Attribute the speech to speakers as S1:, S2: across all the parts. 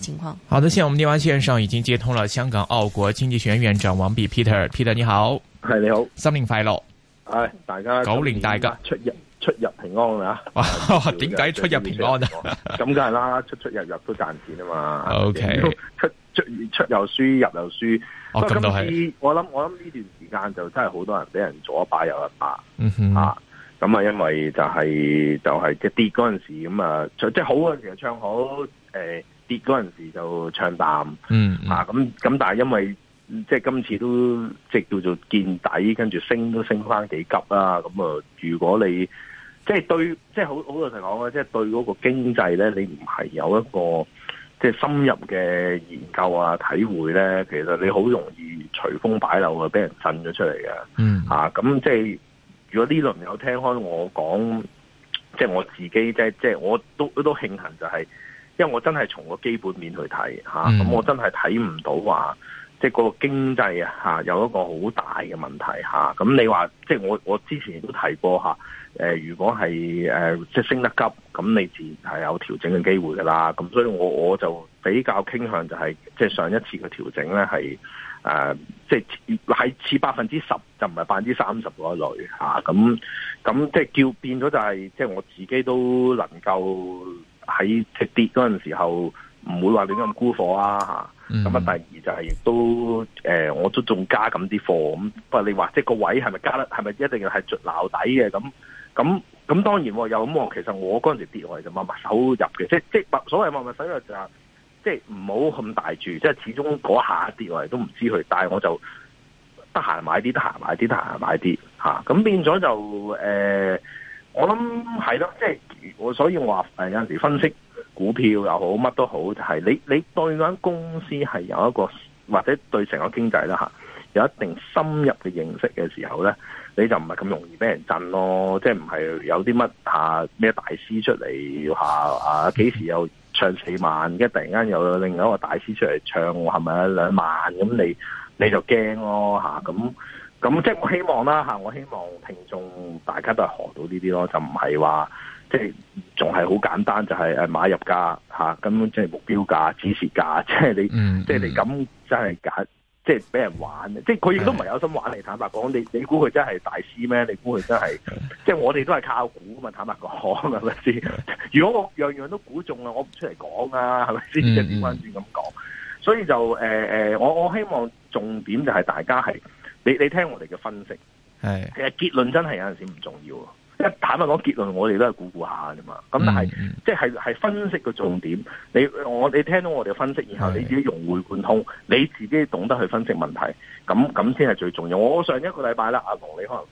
S1: 情況
S2: 好嘅，現在我們電話線上已經接通了香港澳國經濟學院院長王弼 Peter，Peter Peter，你好，係你好，新年快樂，係大家九連大家出
S3: 入出入平安啊！哇，點解出入平安啊？咁梗係啦，出出入入都賺錢啊嘛。OK，出出出入又輸入又輸，哦、都我今次我諗我諗呢段時間就真係好多人俾人左一巴右一巴，嗯哼，吓咁啊，嗯、因為就係、是、就係、是、即跌嗰陣時咁啊，即係好嘅時候、就是、好其實唱好誒。呃嗰陣時就唱淡，嗯咁咁、啊，但係因為即係今次都即係叫做見底，跟住升都升翻幾急啦。咁啊、嗯，如果你即係對即係好好老實講咧，即係對嗰個經濟咧，你唔係有一個即係深入嘅研究啊、體會咧，其實你好容易隨風擺柳、嗯、啊，俾人震咗出嚟嘅。嗯咁即係如果呢輪有聽開我講，即係我自己即係即係我都我都慶幸就係、是。因為我真係從個基本面去睇嚇，咁、嗯、我真係睇唔到話，即係個經濟啊有一個好大嘅問題嚇。咁你話即係我我之前都提過嚇、呃，如果係誒即係升得急，咁你自然係有調整嘅機會噶啦。咁所以我我就比較傾向就係，即係上一次嘅調整咧係誒，即係係蝕百分之十就唔係百分之三十嗰類嚇。咁咁即係叫變咗就係，即係我自己都能夠。喺直跌嗰陣時候，唔會話亂咁沽貨啊吓。咁啊，嗯嗯第二就係、是、都誒、呃，我都仲加緊啲貨。咁不過你話，即、就、係、是、個位係咪加得？係咪一定要係最撈底嘅？咁咁咁，當然、啊、有咁話。其實我嗰陣時跌落嚟就默默手入嘅。即即所謂默默手入就係即係唔好咁大注，即係始終嗰下跌落嚟都唔知佢。但係我就得閒買啲，得閒買啲，得閒買啲吓。咁、啊、變咗就誒、呃，我諗係咯，即係。我所以話誒有陣時分析股票又好乜都好，就係、是、你你對間公司係有一個或者對成個經濟啦吓，有一定深入嘅認識嘅時候咧，你就唔係咁容易俾人震咯，即係唔係有啲乜吓咩大師出嚟吓啊幾時又唱四萬，一突然間又有另一個大師出嚟唱係咪兩萬咁，你你就驚咯吓，咁咁即係我希望啦吓、啊，我希望聽眾大家都係學到呢啲咯，就唔係話。即係仲係好簡單，就係、是、誒買入價吓，根、啊、本即係目標價、指示價，即係你，嗯、即係你咁真係假，即係俾人玩。嗯、即係佢亦都唔係有心玩你的坦白講，你你估佢真係大師咩？你估佢真係？ 即係我哋都係靠估嘛。坦白講係咪先？ 如果我樣樣都估中啊，我唔出嚟講啊，係咪先？即係點樣先咁講？所以就誒誒、呃，我我希望重點就係大家係你你聽我哋嘅分析
S4: 係，的其
S3: 實結論真係有陣時唔重要。一坦白講結論，我哋都係估估下咋嘛。咁但係，即係係分析嘅重點。你我你聽到我哋分析以後，你自己融會貫通，你自己懂得去分析問題，咁咁先係最重要。我上一個禮拜啦，阿、啊、羅你可能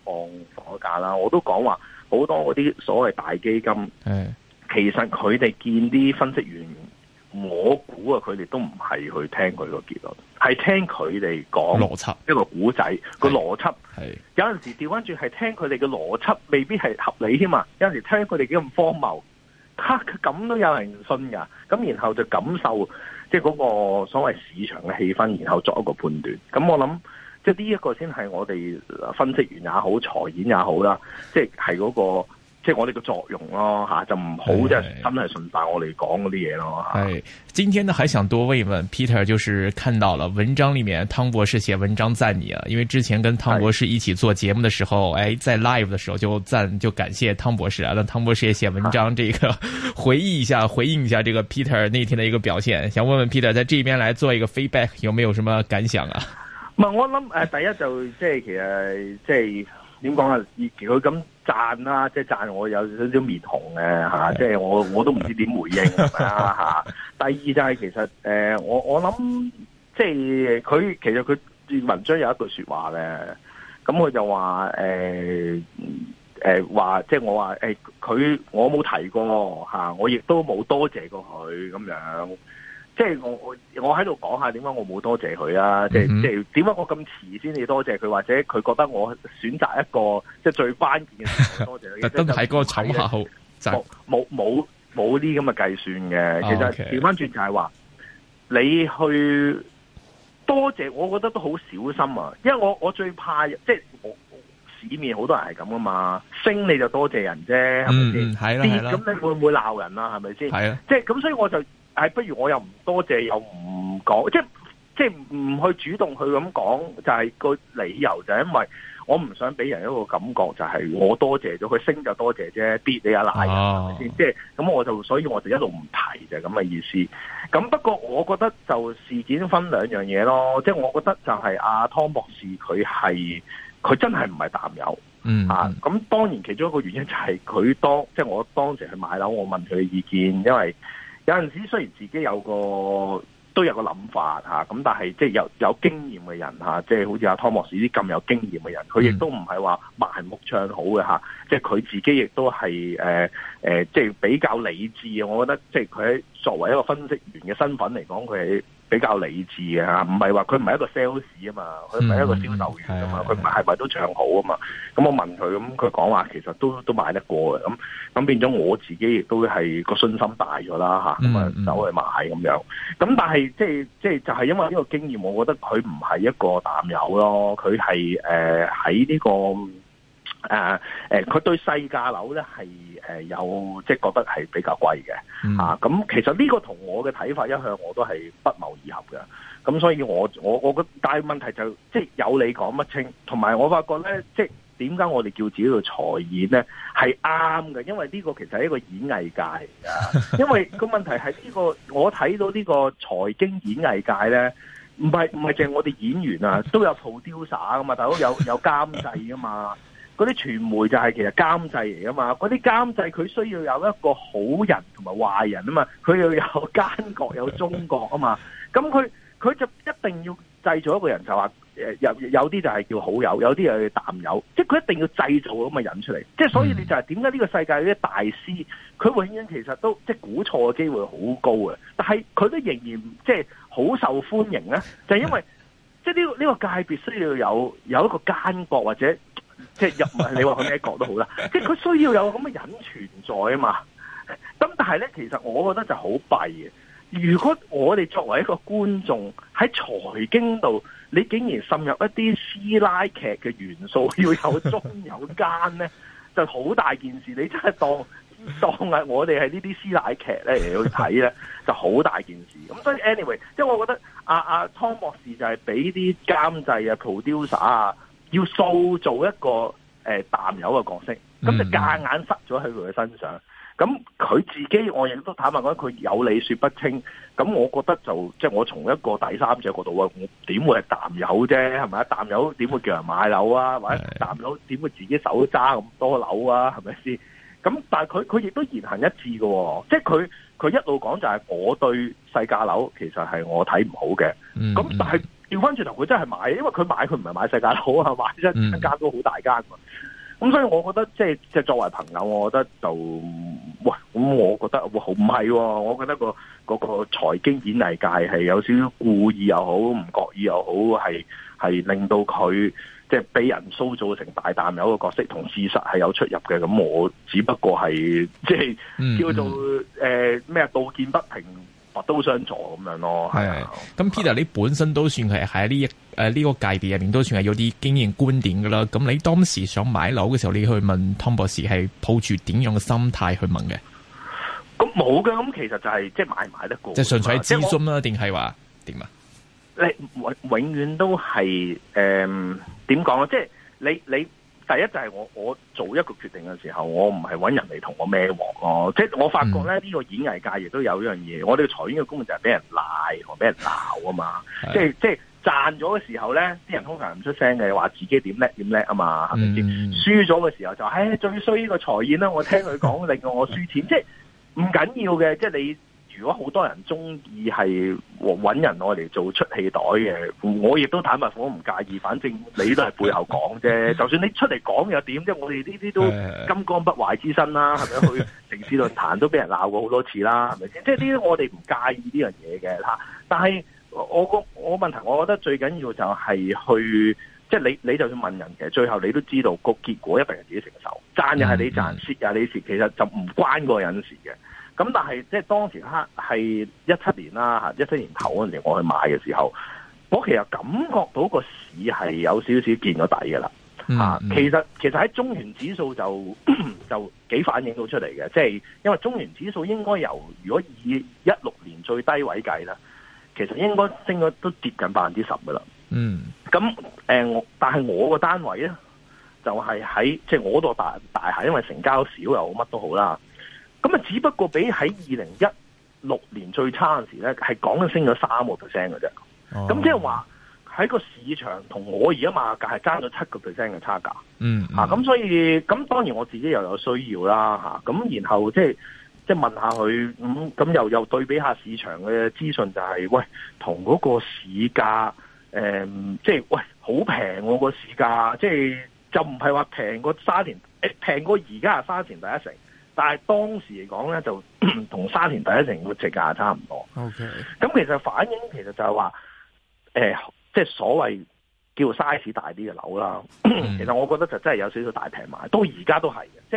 S3: 放咗假啦，我都講話好多嗰啲所謂大基金，是其實佢哋見啲分析員，我估啊，佢哋都唔係去聽佢個結論。係聽佢哋講邏輯，一個古仔輯個邏輯係有陣時調翻轉，係聽佢哋嘅邏輯未必係合理添嘛，有陣時聽佢哋幾咁荒謬，咁、啊、都有人信噶，咁然後就感受即係嗰個所謂市場嘅氣氛，然後作一個判斷。咁我諗即係呢一個先係我哋分析員也好，財演也好啦，即係嗰個。即係我哋嘅作用咯，吓就唔好即係真係順帶我哋講嗰啲嘢咯。
S2: 誒，今天呢，還想多問一問 Peter，就是看到了文章裏面湯博士寫文章讚你啊，因為之前跟湯博士一起做節目的時候，誒的、哎，在 live 的時候就讚就感謝湯博士啊，那湯博士也寫文章，這個回憶一下的回應一下這個 Peter 那天的一個表現，想問問 Peter 在這邊來做一個 feedback，有沒有什麼感想啊？
S3: 唔係，我諗誒，第一就即、是、係其實即係點講啊，如果咁。讚啦、啊，即係讚我有少少面紅嘅、啊、嚇、 啊，即係我我都唔知點回應啦、啊、嚇、啊。第二就係其實誒、呃，我我諗即係佢其實佢文章有一句説話咧，咁佢就話誒誒話即係我話誒佢我冇提過嚇、啊，我亦都冇多謝，謝過佢咁樣。即係我我喺度講下點解我冇多謝佢啊！即係即係點解我咁遲先至多謝佢，或者佢覺得我選擇一個即係最關鍵嘅時候，
S2: 多謝佢。但係嗰個場合好
S3: 冇冇冇冇啲咁嘅計算嘅。其實調翻轉就係話你去多謝，我覺得都好小心啊！因為我我最怕即係市面好多人係咁噶嘛升你就多謝人啫，係咪先？啦咁你會唔會鬧人啊？係咪先？係啊，即係咁，所以我就。係、哎、不如我又唔多謝又唔講，即係即係唔去主動去咁講，就係、是、個理由就係、是、因為我唔想俾人一個感覺就係、是、我多謝咗佢升就多謝啫，跌你一、啊、賴。係咪先啊？即係咁我就所以我就一路唔提就係咁嘅意思。咁不過我覺得就事件分兩樣嘢咯，即係我覺得就係阿湯博士佢係佢真係唔係淡友，嗯、啊，咁當然其中一個原因就係佢當即係我當時去買樓，我問佢嘅意見，因為。有陣時雖然自己有個都有個諗法嚇，咁但係即係有有經驗嘅人嚇，即係好似阿湯博士啲咁有經驗嘅人，佢亦都唔係話盲目唱好嘅嚇，即係佢自己亦都係誒誒，即係比較理智嘅。我覺得即係佢喺作為一個分析員嘅身份嚟講，佢係。比較理智嘅嚇，唔係話佢唔係一個 sales 啊嘛，佢唔係一
S4: 個銷售員啊嘛，
S3: 佢唔係係咪都唱好啊嘛。咁我問佢，咁佢講話其實都都買得過嘅。咁咁變咗我自己亦都係個信心大咗啦吓，咁啊走去買咁樣。咁但係即係即係就係因為呢個經驗，我覺得佢唔係一個淡友咯，佢係誒喺呢個。誒誒，佢、呃呃、對細價樓咧係誒有即係覺得係比較貴嘅、嗯、啊！咁其實呢個同我嘅睇法一向我都係不謀而合嘅。咁所以我我我嘅，但係問題就是、即係有你講乜清，同埋我發覺咧，即係點解我哋叫自己做財演咧係啱嘅？因為呢個其實係一個演藝界嚟㗎。 因為個問題係呢、這個，我睇到呢個財經演藝界咧，唔係唔係淨係我哋演員啊，都有塗雕灑噶嘛，大佬有有監製噶嘛。嗰啲傳媒就係其實監製嚟噶嘛，嗰啲監製佢需要有一個好人同埋壞人啊嘛，佢要有奸角有忠角啊嘛，咁佢佢就一定要製造一個人就話誒有有啲就係叫好友，有啲又叫淡友，即係佢一定要製造咁嘅人出嚟，即係所以你就係點解呢個世界啲大師佢永遠其實都即係估錯嘅機會好高嘅，但係佢都仍然即係好受歡迎咧，就係因為即係呢個呢個界別需要有有一個奸角或者。即係入唔係你話佢咩角都好啦，即係佢需要有咁嘅人存在啊嘛。咁但係咧，其實我覺得就好弊嘅。如果我哋作為一個觀眾喺財經度，你竟然滲入一啲師奶劇嘅元素，要有忠有奸咧，就好大件事。你真係當當啊，我哋係呢啲師奶劇咧嚟睇咧，就好大件事。咁所以 anyway，即係我覺得阿啊湯博士就係俾啲監製啊、producer 啊。要塑造一個誒、呃、淡友嘅角色，咁就夾硬塞咗喺佢嘅身上。咁佢自己我亦都坦白講，佢有理說不清。咁我覺得就即係我從一個第三者角度啊，我點會係淡友啫？係咪啊？淡友點會叫人買樓啊？或者淡友點會自己手揸咁多樓啊？係咪先？咁但係佢佢亦都言行一致喎、哦。即係佢佢一路講就係我對細價樓其實係我睇唔好嘅。咁、嗯嗯、但係。調翻轉頭，佢真係買，因為佢買，佢唔係買世界好啊，買一間都好大間嘛。咁所以我覺得，即係即係作為朋友，我覺得就喂，咁我覺得，好唔係，我覺得個嗰個財經演藝界係有少少故意又好，唔覺意又好，係係令到佢即係俾人塑造成大淡友個個角色，同事實係有出入嘅。咁我只不過係即係叫做誒咩、呃、道見不平。都相助咁樣咯，係。
S2: 咁 Peter，你本身都算係喺呢誒呢個界別入邊都算係有啲經驗觀點噶啦。咁你當時想買樓嘅時候，你去問湯博士係抱住點樣嘅心態去問嘅？
S3: 咁冇㗎。咁其實就係即係買唔買得過？即係純粹係諮詢啦，定係話點啊？你永永遠都係誒，點講啊？即係你你。第一就係、是、我我做一個決定嘅時候，我唔係揾人嚟同我孭鑊咯，即係我發覺咧呢、這個演藝界亦都有一樣嘢，我哋財演嘅功能就係俾人賴同俾人鬧啊嘛， 即係即係賺咗嘅時候咧，啲人通常唔出聲嘅，話自己點叻點叻啊嘛，係
S4: 咪先？
S3: 輸咗嘅時候就誒、哎、最衰呢個財演啦，我聽佢講令我我輸錢。即係唔緊要嘅，即係你。如果好多人中意係揾人我嚟做出氣袋嘅，我亦都坦白講唔介意，反正你都係背後講啫。就算你出嚟講又點？即係我哋呢啲都金剛不壞之身啦，係咪？ 去城市論壇都俾人鬧過好多次啦，係咪先？即係呢啲我哋唔介意呢樣嘢嘅嚇。但係我個我問題，我覺得最緊要就係去，即係你你就算問人。其實最後你都知道個結果一定係自己承受，讚又係你讚，蝕呀，你蝕，其實就唔關個人事嘅。咁但係即係當時刻係一七年啦，吓，一七年頭嗰陣時我去買嘅時候，我其實感覺到個市係有少少見咗底嘅啦。吓、嗯嗯，
S4: 其實
S3: 其實喺中原指數就就幾反映到出嚟嘅，即、就、係、是、因為中原指數應該由，如果以一六年最低位計啦，其實應該升咗都接近百分之十噶啦。嗯，咁誒，呃、但我但係我個單位咧就係喺即係我嗰個大大廈，因為成交少又乜都好啦。咁啊，只不過比喺二零一六年最差嘅時咧，係講緊升咗三個 percent 嘅啫。咁即係話喺個市場同我而家賣價係爭咗七個 percent 嘅差價。嗯、
S4: mm，吓、
S3: hmm. 咁、啊、所以咁當然我自己又有需要啦，吓、啊、咁然後即係即係問下佢，咁、嗯、咁又又對比下市場嘅資訊，就係、是、喂，同嗰個市價誒，即係喂好平喎。個市價，即係就唔係話平過沙田誒，平過而家啊沙田第一城。但係當時嚟講咧，就同沙田第一城嘅尺價差唔多。咁 Okay. 其實反映其實就係話，誒、呃，即係所謂叫 size 大啲嘅樓啦。其實我覺得就真係有少少大平買，到而家都係嘅。即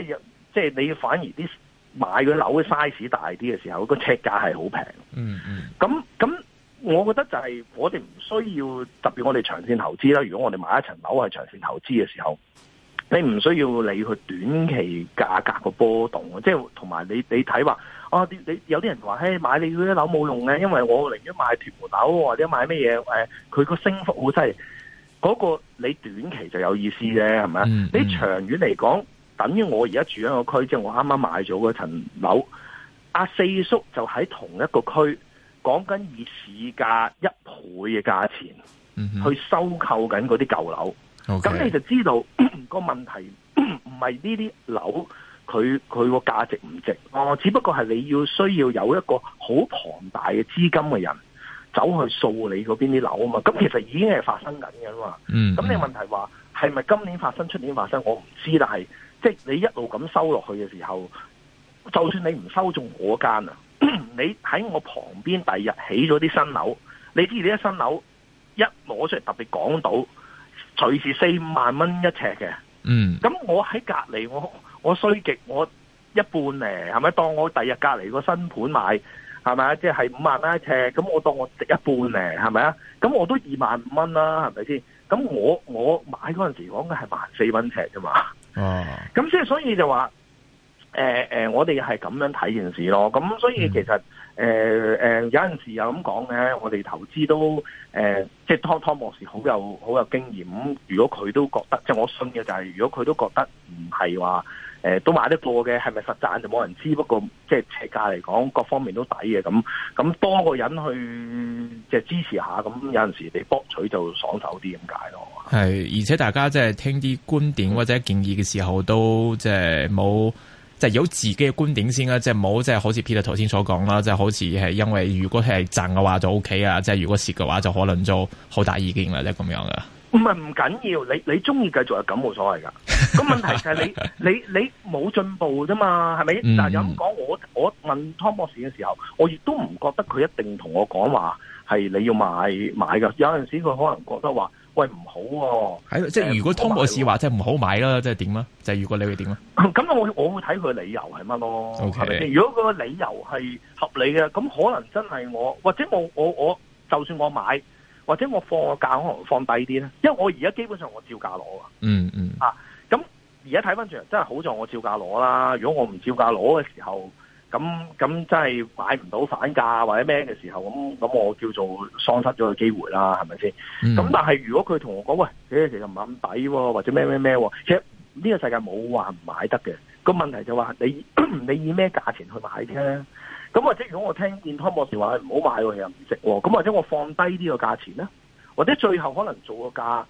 S3: 係即係你反而啲買嘅樓嘅 size 大啲嘅時候，個尺價係好平。嗯嗯、mm。咁、hmm. 咁，我覺得就係我哋唔需要特別，我哋長線投資啦。如果我哋買一層樓係長線投資嘅時候。你唔需要理佢短期價格嘅波動，即係同埋你你睇話啊，你，你有啲人話，嘿，買你嗰啲樓冇用嘅，因為我寧願買屯門樓或者買咩嘢誒，佢、呃、個升幅好犀利，嗰、嗰個你短期就有意思啫，係咪啊？嗯嗯、你長遠嚟講，等於我而家住喺個區，即係我啱啱買咗嗰層樓，阿四叔就喺同一個區，講緊以市價一倍嘅價錢、嗯嗯、去收購緊嗰啲舊樓，
S4: 咁 okay. 你就
S3: 知道。個問題唔係呢啲樓佢佢個價值唔值，我、哦、只不過係你要需要有一個好龐大嘅資金嘅人走去掃你嗰邊啲樓啊嘛，咁其實已經係發生緊嘅啦嘛。咁你問題話係咪今年發生，出年發生，我唔知，但係即係你一路咁收落去嘅時候，就算你唔收中我間啊，你喺我旁邊第二日起咗啲新樓，你知你一新樓一攞出嚟特別講到。隨時四五萬蚊一尺嘅，嗯，咁我喺隔籬，我我衰極我一半咧，係咪？當我第日隔籬個新盤買，係咪啊？即係五萬蚊一尺，咁我當我值一半咧，係咪啊？咁我都二萬五蚊啦，係咪先？咁我我買嗰陣時講嘅係萬四蚊尺啫嘛，哦、啊，咁即係所以就話，誒、呃、誒、呃，我哋係咁樣睇件事咯，咁所以其實。嗯誒誒、呃呃，有陣時又咁講嘅，我哋投資都誒、呃，即係 Tom Tom 博士好有好有經驗。咁如果佢都覺得，即係我信嘅就係、是，如果佢都覺得唔係話，誒、呃、都買得過嘅，係咪實賺就冇人知。不過即係市價嚟講，各方面都抵嘅咁。咁多個人去即係支持下，咁有陣時你博取就爽手啲咁解咯。
S2: 係，而且大家即係聽啲觀點或者建議嘅時候，都即係冇。就係有自己嘅觀點先啦，即係冇即係好似 Peter 頭先所講啦，即係好似係因為如果係賺嘅話就 OK 啊，即係如果蝕嘅話就可能就好大意見即係咁樣啊。
S3: 唔係唔緊要，你你中意繼續係咁冇所謂噶。咁問題就係你 你你冇進步啫嘛，係咪？嗱、嗯，有講我我，我問湯博士嘅時候，我亦都唔覺得佢一定同我講話係你要買買嘅。有陣時佢可能覺得話。喂，唔
S2: 好喎，啊，喺、嗯嗯、即係如果湯博士話，即係唔好買啦，即係點啊？即係如果你會點啊？
S3: 咁我我會睇佢理由係乜咯？O K，如果個理由係合理嘅，咁可能真係我或者我我我就算我買，或者我放個價可能放低啲咧，因為我而家基本上我照價攞，嗯嗯、啊。嗯
S4: 嗯
S3: 啊，咁而家睇翻轉，真係好在我照價攞啦。如果我唔照價攞嘅時候。咁咁真係買唔到反價或者咩嘅時候，咁咁我叫做喪失咗個機會啦，係咪先？咁、嗯、但係如果佢同我講喂，誒其實唔係咁抵喎，或者咩咩咩，其實呢個世界冇話唔買得嘅，個問題就話你你以咩價錢去買啫？咁或者如果我聽健康博士話話唔好買喎，又唔值喎，咁或者我放低呢個價錢咧，或者最後可能做個價，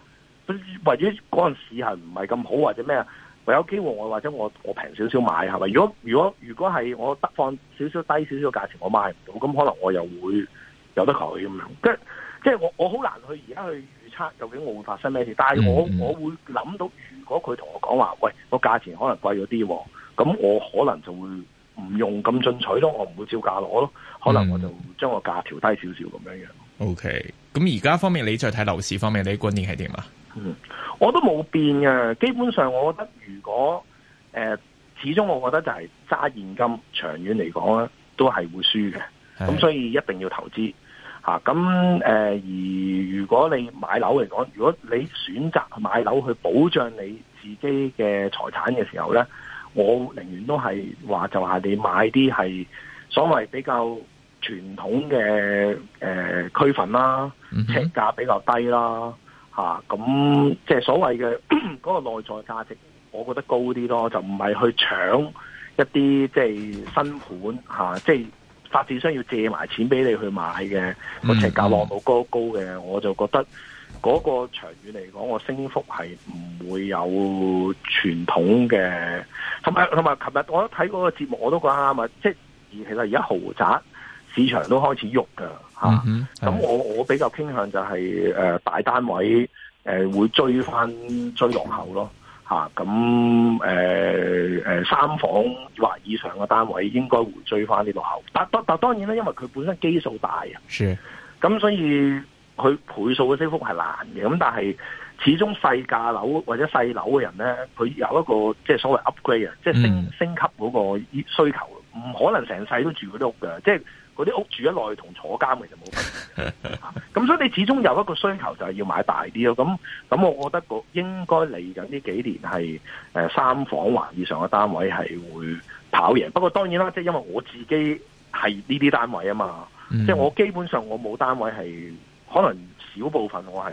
S3: 或者嗰陣時係唔係咁好或者咩啊？我有機會我，我或者我我平少少買係咪？如果如果如果係我得放少少低少少價錢，我買唔到，咁可能我又會有得求佢咁樣。跟即係我我好難去而家去預測究，究竟我會發生咩事。但係我我會諗到，如果佢同我講話，喂個價錢可能貴咗啲，咁我可能就會唔用咁進取咯，我唔會照價攞咯。可能我就將個價調低少少咁樣樣。
S2: O K。咁而家方面，你再睇樓市方面，你啲觀念係點啊？
S3: 嗯，我都冇變嘅。基本上，我覺得如果誒、呃，始終我覺得就係揸現金，長遠嚟講咧，都係會輸嘅。咁是的、嗯、所以一定要投資吓。咁、啊、誒、呃，而如果你買樓嚟講，如果你選擇買樓去保障你自己嘅財產嘅時候咧，我寧願都係話就話你買啲係所謂比較傳統嘅誒區份啦，尺價、嗯、哼比較低啦。吓，咁、啊嗯、即係所謂嘅嗰個內在價值，我覺得高啲咯，就唔係去搶一啲即係新盤吓，即係發展商要借埋錢俾你去買嘅，
S4: 個情價落到
S3: 高高嘅，我就覺得嗰個長遠嚟講，我升幅係唔會有傳統嘅，同埋同埋，琴日我睇嗰個節目我都覺得啱啊，即係而其實而家豪宅。市場都開始喐噶
S4: 嚇，咁、嗯哼啊、我
S3: 我比較傾向就係、是、誒、呃、大單位誒、呃、會追翻追落後咯嚇，咁誒誒三房或以上嘅單位應該會追翻啲落後。但但但當然啦，因為佢本身基數大啊，咁是、嗯、所以佢倍數嘅升幅係難嘅，咁但係始終細價樓或者細樓嘅人咧，佢有一個即係所謂 upgrade 啊，即係升升級嗰個需求，唔可能成世都住嗰啲屋嘅，即係。嗰啲屋住一耐同坐監其實冇分別，咁 所以你始終有一個需求就係要買大啲咯。咁咁，我覺得個應該嚟緊呢幾年係、呃、三房或以上嘅單位係會跑贏。不過當然啦，即係因為我自己係呢啲單位啊嘛，嗯、即係我基本上我冇單位係，可能少部分我係。